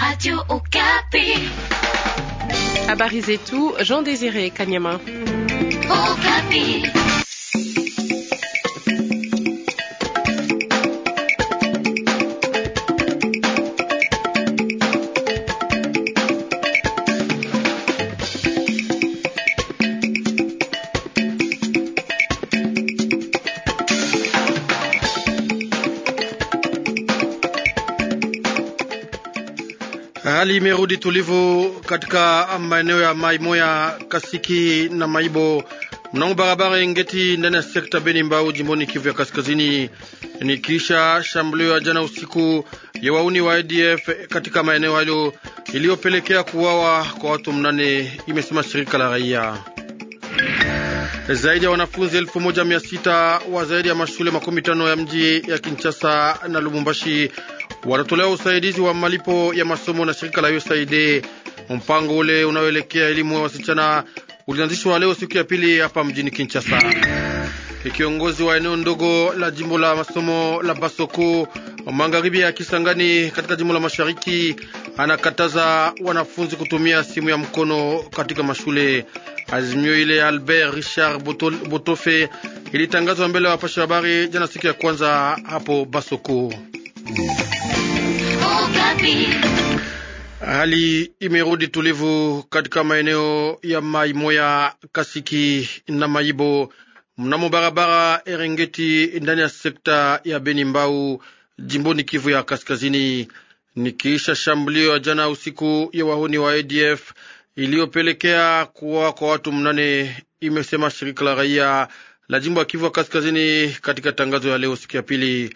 Radio Okapi. À tout, Jean Désiré Kanyama. Okapi. Hali imerudi tulivu katika maeneo ya Maimoya, Kasiki na Maibo mnamo barabara Engeti ndani ya sekta Beni Mbau jimboni Kivu ya Kaskazini, ni kisha shambulio ya jana usiku ya wauni wa ADF katika maeneo hayo iliyopelekea kuwawa kwa watu mnane, imesema shirika la raia. Zaidi ya wanafunzi elfu moja mia sita wa zaidi ya mashule makumi tano ya mji ya Kinshasa na Lubumbashi watatolewa usaidizi wa malipo ya masomo na shirika la USAID. Mpango ule unaoelekea elimu ya wasichana ulianzishwa leo siku ya pili hapa mjini Kinshasa. Kiongozi wa eneo ndogo la jimbo la masomo la Basoko magharibi ya Kisangani katika jimbo la Mashariki anakataza wanafunzi kutumia simu ya mkono katika mashule. Azimio ile Albert Richard Botofe ilitangazwa mbele ya wapasha habari jana siku ya kwanza hapo Basoko. Hali imerudi tulivu katika maeneo ya Mai Moya, Kasiki na Maibo mnamo barabara Erengeti ndani ya sekta ya Beni Mbau jimboni Kivu ya Kaskazini, nikiisha shambulio ya jana usiku ya wahuni wa ADF iliyopelekea kuwa kwa watu mnane, imesema shirika la raia la jimbo ya Kivu ya Kaskazini katika tangazo ya leo siku ya pili.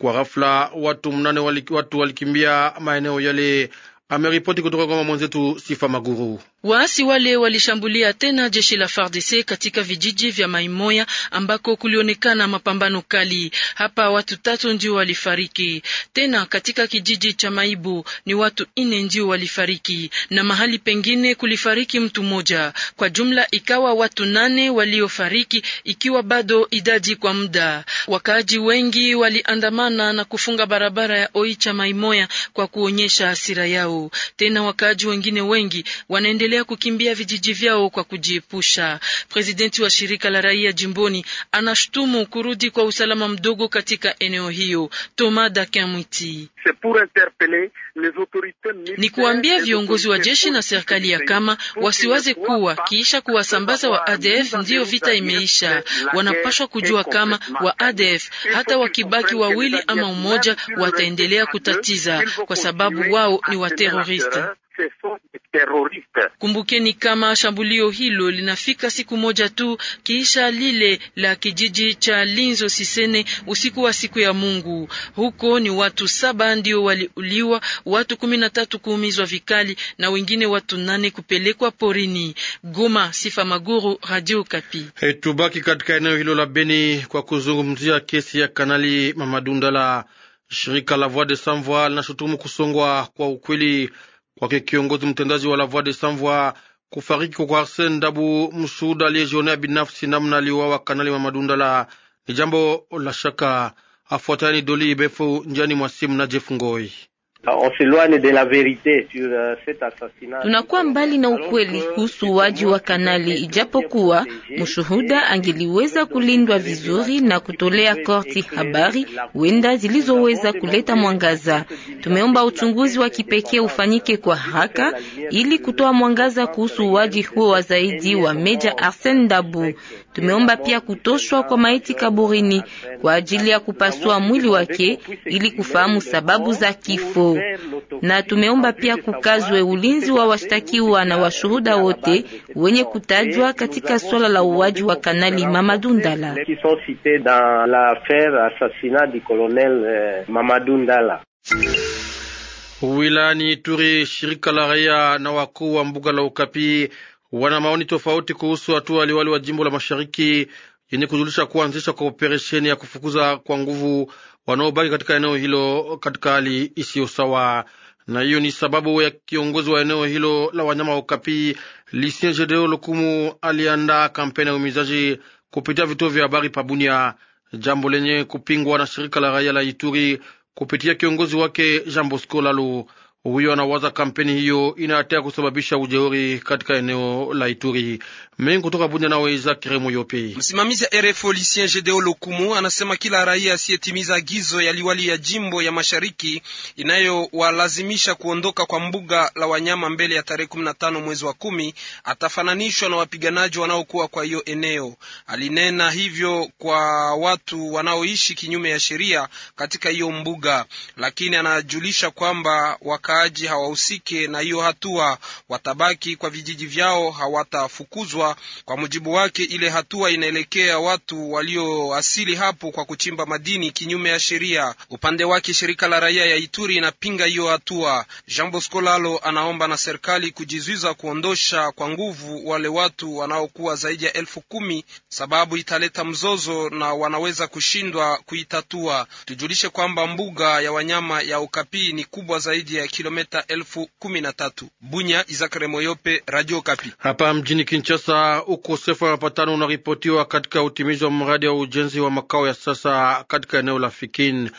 Kwa ghafla watu mnane watu walikimbia maeneo yale Ameripoti kutoka kwa mwenzetu Sifa Maguru. Waasi wale walishambulia tena jeshi la FARDC katika vijiji vya Maimoya ambako kulionekana mapambano kali. Hapa watu tatu ndio walifariki. Tena katika kijiji cha Maibu ni watu ine ndio walifariki na mahali pengine kulifariki mtu mmoja. Kwa jumla ikawa watu nane waliofariki ikiwa bado idadi kwa muda. Wakaaji wengi waliandamana na kufunga barabara ya Oicha Maimoya kwa kuonyesha hasira yao vyao. Tena wakaaji wengine wengi wanaendelea kukimbia vijiji vyao kwa kujiepusha. Presidenti wa shirika la raia jimboni anashutumu kurudi kwa usalama mdogo katika eneo hiyo. Thomas Dakamwiti ni kuambia viongozi wa jeshi na serikali ya kama wasiwaze kuwa kiisha kuwasambaza wa ADF ndiyo vita imeisha. Wanapashwa kujua kama wa ADF hata wakibaki wawili ama umoja wataendelea kutatiza, kwa sababu wao ni wate terroriste. Kumbukeni kama shambulio hilo linafika siku moja tu kiisha lile la kijiji cha Linzo Sisene usiku wa siku ya Mungu. Huko ni watu saba ndio waliuliwa, watu kumi na tatu kuumizwa vikali na wengine watu nane kupelekwa porini. Goma, Sifa Maguru, Radio Kapi. Hey, tubaki katika eneo hilo la Beni kwa kuzungumzia kesi ya Kanali Mamadundala. Shirika la Voix de Sans Voix linashutumu kusongwa kwa ukweli kwake kiongozi mtendaji wa la Voix de Sans Voix, kufariki kwa Arsene Ndabu, mshuhuda aliyejionea binafsi namna aliuawa Kanali Mamadundala ni jambo la shaka. Afuatani Doli Ibefu njiani mwa simu na Jeff Ngoi. Ah, euh, Tunakuwa mbali na ukweli kuhusu uwaji wa kanali, ijapokuwa mshuhuda angeliweza kulindwa vizuri na kutolea korti habari wenda zilizoweza kuleta mwangaza. Tumeomba uchunguzi wa kipekee ufanyike kwa haraka ili kutoa mwangaza kuhusu uwaji huo wa zaidi wa Meja Arsene Dabu. Tumeomba pia kutoshwa kwa maiti kaburini kwa ajili ya kupasua mwili wake ili kufahamu sababu za kifo, na tumeomba pia kukazwe ulinzi wa washtakiwa na washuhuda wote wenye kutajwa katika swala la uwaji wa Kanali Mamadou Ndala. Wilayani shirika la raia na wakuu wa mbuga la Ukapi wana maoni tofauti kuhusu hatua aliwali wa jimbo la mashariki yenye kujulisha kuanzisha kwa operesheni ya kufukuza kwa nguvu wanaobaki katika eneo hilo katika hali isiyo sawa, na hiyo ni sababu ya kiongozi wa eneo hilo la wanyama wa Ukapi, Lisien Jedeo Lukumu, aliandaa kampeni ya umizaji kupitia vituo vya habari Pabunia, jambo lenye kupingwa na shirika la raia la Ituri kupitia kiongozi wake Jean Bosco Lalu. Huyo anawaza kampeni hiyo inaatea kusababisha ujeuri katika eneo la Ituri. Mengi kutoka Bunja na Isaac Kiremo Yope. Msimamizi ya RFO Lucien Gedeo Lokumu anasema kila raia asiyetimiza agizo ya liwali ya jimbo ya Mashariki inayowalazimisha kuondoka kwa mbuga la wanyama mbele ya tarehe 15 mwezi wa kumi atafananishwa na wapiganaji wanaokuwa kwa hiyo eneo. Alinena hivyo kwa watu wanaoishi kinyume ya sheria katika hiyo mbuga, lakini anajulisha kwamba waka wakaaji hawahusike na hiyo hatua, watabaki kwa vijiji vyao, hawatafukuzwa. Kwa mujibu wake, ile hatua inaelekea watu walioasili hapo kwa kuchimba madini kinyume ya sheria. Upande wake, shirika la raia ya Ituri inapinga hiyo hatua. Jean Bosco Lalo anaomba na serikali kujizuiza kuondosha kwa nguvu wale watu wanaokuwa zaidi ya elfu kumi sababu italeta mzozo na wanaweza kushindwa kuitatua. Tujulishe kwamba mbuga ya wanyama ya Okapi ni kubwa zaidi ya kilomita elfu kumi na tatu. Bunya, Izakare Moyope, Radio Kapi. Hapa mjini Kinshasa, ukosefu wa mapatano unaripotiwa katika utimizi wa mradi wa ujenzi wa makao ya sasa katika eneo la Fikin.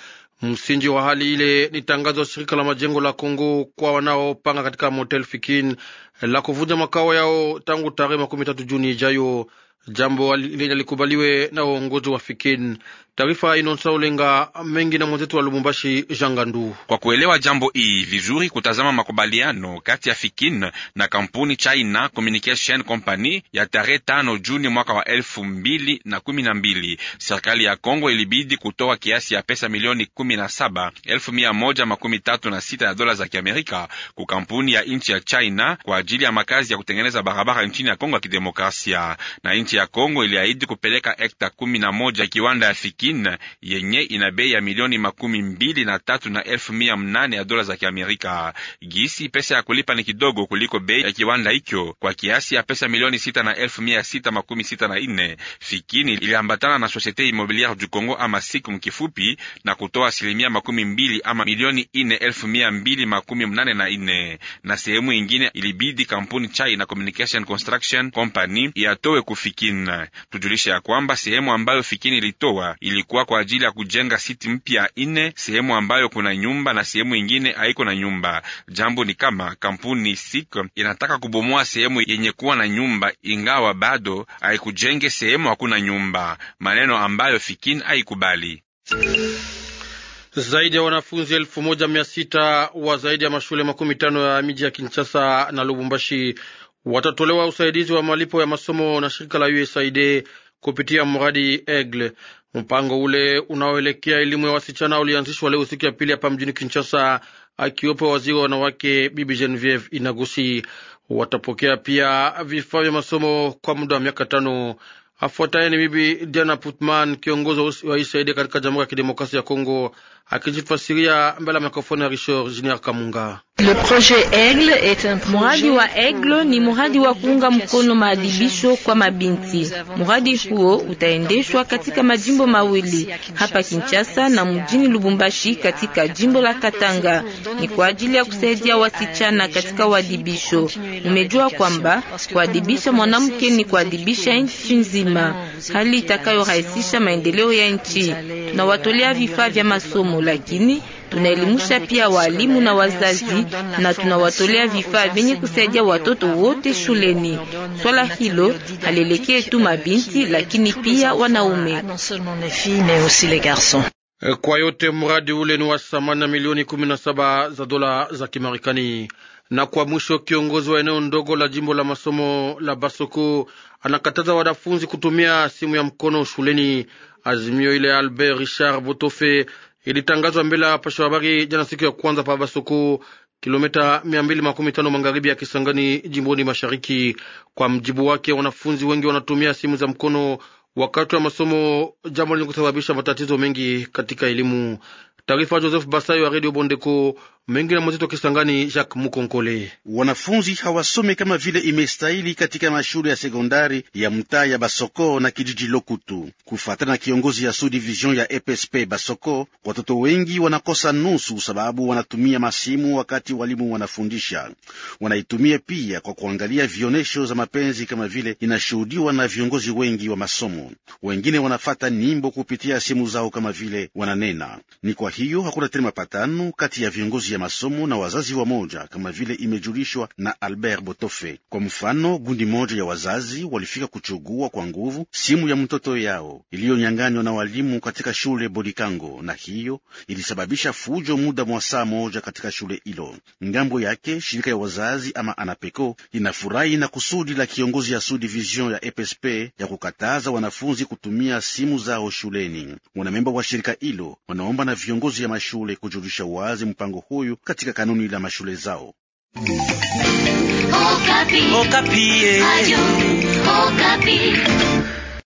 Msingi wa hali ile ni tangazo shirika la majengo la Kongo kwa wanaopanga katika motel Fikin la kuvunja makao yao tangu tarehe makumi tatu Juni ijayo jambo lenye alikubaliwe na uongozi wa Fikin. Taarifa ulenga mengi na mwenzetu wa Lubumbashi, Jangandu. Kwa kuelewa jambo hii vizuri, kutazama makubaliano kati ya Fikin na kampuni China Communication Company ya tarehe tano Juni mwaka wa elfu mbili na kumi na mbili, serikali ya Kongo ilibidi kutoa kiasi ya pesa milioni kumi na saba elfu mia moja makumi tatu na sita ya dola za Kiamerika ku kampuni ya nchi ya China kwa ajili ya makazi ya kutengeneza barabara nchini ya Kongo ya Kidemokrasia na nchi ya Kongo iliahidi kupeleka hekta kumi na moja ya kiwanda ya Sikin yenye ina bei ya milioni makumi mbili na tatu na elfu mia mnane ya dola za Kiamerika. Gisi pesa ya kulipa ni kidogo kuliko bei ya kiwanda hicho kwa kiasi ya pesa milioni sita na elfu mia sita makumi sita na nne. Fikin iliambatana na Societe Immobiliere du Congo ama Siku mkifupi na kutoa asilimia makumi mbili ama milioni ine elfu mia mbili makumi mnane na ine na sehemu ingine ilibidi kampuni Chai na Communication Construction Company yatowe kufikia Fikin. Tujulishe ya kwamba sehemu ambayo Fikin ilitoa ilikuwa kwa ajili ya kujenga siti mpya ine, sehemu ambayo kuna nyumba na sehemu ingine haiko na nyumba. Jambo ni kama kampuni Sik inataka kubomoa sehemu yenye kuwa na nyumba, ingawa bado haikujenge sehemu hakuna nyumba, maneno ambayo Fikin haikubali. Zaidi ya wanafunzi elfu moja mia sita wa zaidi ya mashule makumi tano ya miji ya Kinshasa na Lubumbashi watatolewa usaidizi wa malipo ya masomo na shirika la USAID kupitia mradi Egle. Mpango ule unaoelekea elimu ya wasichana ulianzishwa leo siku ya pili hapa mjini Kinshasa, akiwepo waziri wa wanawake Bibi Genevieve Inagusi. Watapokea pia vifaa vya masomo kwa muda wa miaka tano. Afuataye ni Bibi Diana Putman, kiongozi wa USAID katika Jamhuri ya Kidemokrasia ya Kongo akijifasiria mbele ya mikrofoni ya Richard Junior Kamunga. Muradi wa Aigle ni muradi wa kuunga mkono maadibisho kwa mabinti. Muradi huo utaendeshwa katika majimbo mawili hapa Kinshasa na mjini Lubumbashi katika jimbo la Katanga. Ni kwa ajili ya kusaidia wasichana katika wadibisho Umejua kwamba kuadibisha mwanamke ni kuadibisha nchi nzima, hali itakayorahisisha maendeleo ya nchi. Tunawatolea vifaa vya masomo masomo, lakini tunaelimusha pia walimu na wazazi na tunawatolea vifaa vyenye kusaidia watoto wote shuleni. Swala hilo halielekee tu mabinti, lakini pia wanaume. Kwa yote mradi ule ni wa thamani milioni kumi na saba za dola za Kimarekani. Na kwa mwisho, kiongozi wa eneo ndogo la jimbo la masomo la Basoko anakataza wanafunzi kutumia simu ya mkono shuleni. Azimio ile Albert Richard Botofe ilitangazwa mbele ya wapasha habari jana siku ya kwanza pa Basuku, kilomita 215 magharibi ya Kisangani, jimboni mashariki. Kwa mjibu wake, wanafunzi wengi wanatumia simu za mkono wakati wa masomo, jambo lenye kusababisha matatizo mengi katika elimu. Taarifa Joseph Basayo wa Radio Bondeko mengi na mwenzetu wa Kisangani Jacques Mukonkole. Wanafunzi hawasome kama vile imestahili katika mashule ya sekondari ya mtaa ya Basoko na kijiji Lokutu. Kufatana na kiongozi ya sub division ya EPSP Basoko, watoto wengi wanakosa nusu sababu wanatumia masimu wakati walimu wanafundisha. Wanaitumia pia kwa kuangalia vionesho za mapenzi kama vile inashuhudiwa na viongozi wengi wa masomo. Wengine wanafata nimbo kupitia simu zao kama vile wananena. Ni kwa hiyo hakuna tena mapatano kati ya viongozi ya ya masomo na wazazi wamoja, kama vile imejulishwa na Albert Botofe. Kwa mfano, gundi moja ya wazazi walifika kuchugua kwa nguvu simu ya mtoto yao iliyonyanganywa na walimu katika shule Bodikango, na hiyo ilisababisha fujo muda mwa saa moja katika shule hilo. Ngambo yake shirika ya wazazi ama Anapeko inafurahi na kusudi la kiongozi ya sudivision ya EPSP ya kukataza wanafunzi kutumia simu zao shuleni. Wanamemba wa shirika hilo wanaomba na viongozi ya mashule kujulisha wazi mpango huyo huyu katika kanuni la mashule zao. Okapi. Okapi, eh. Ayu, Okapi.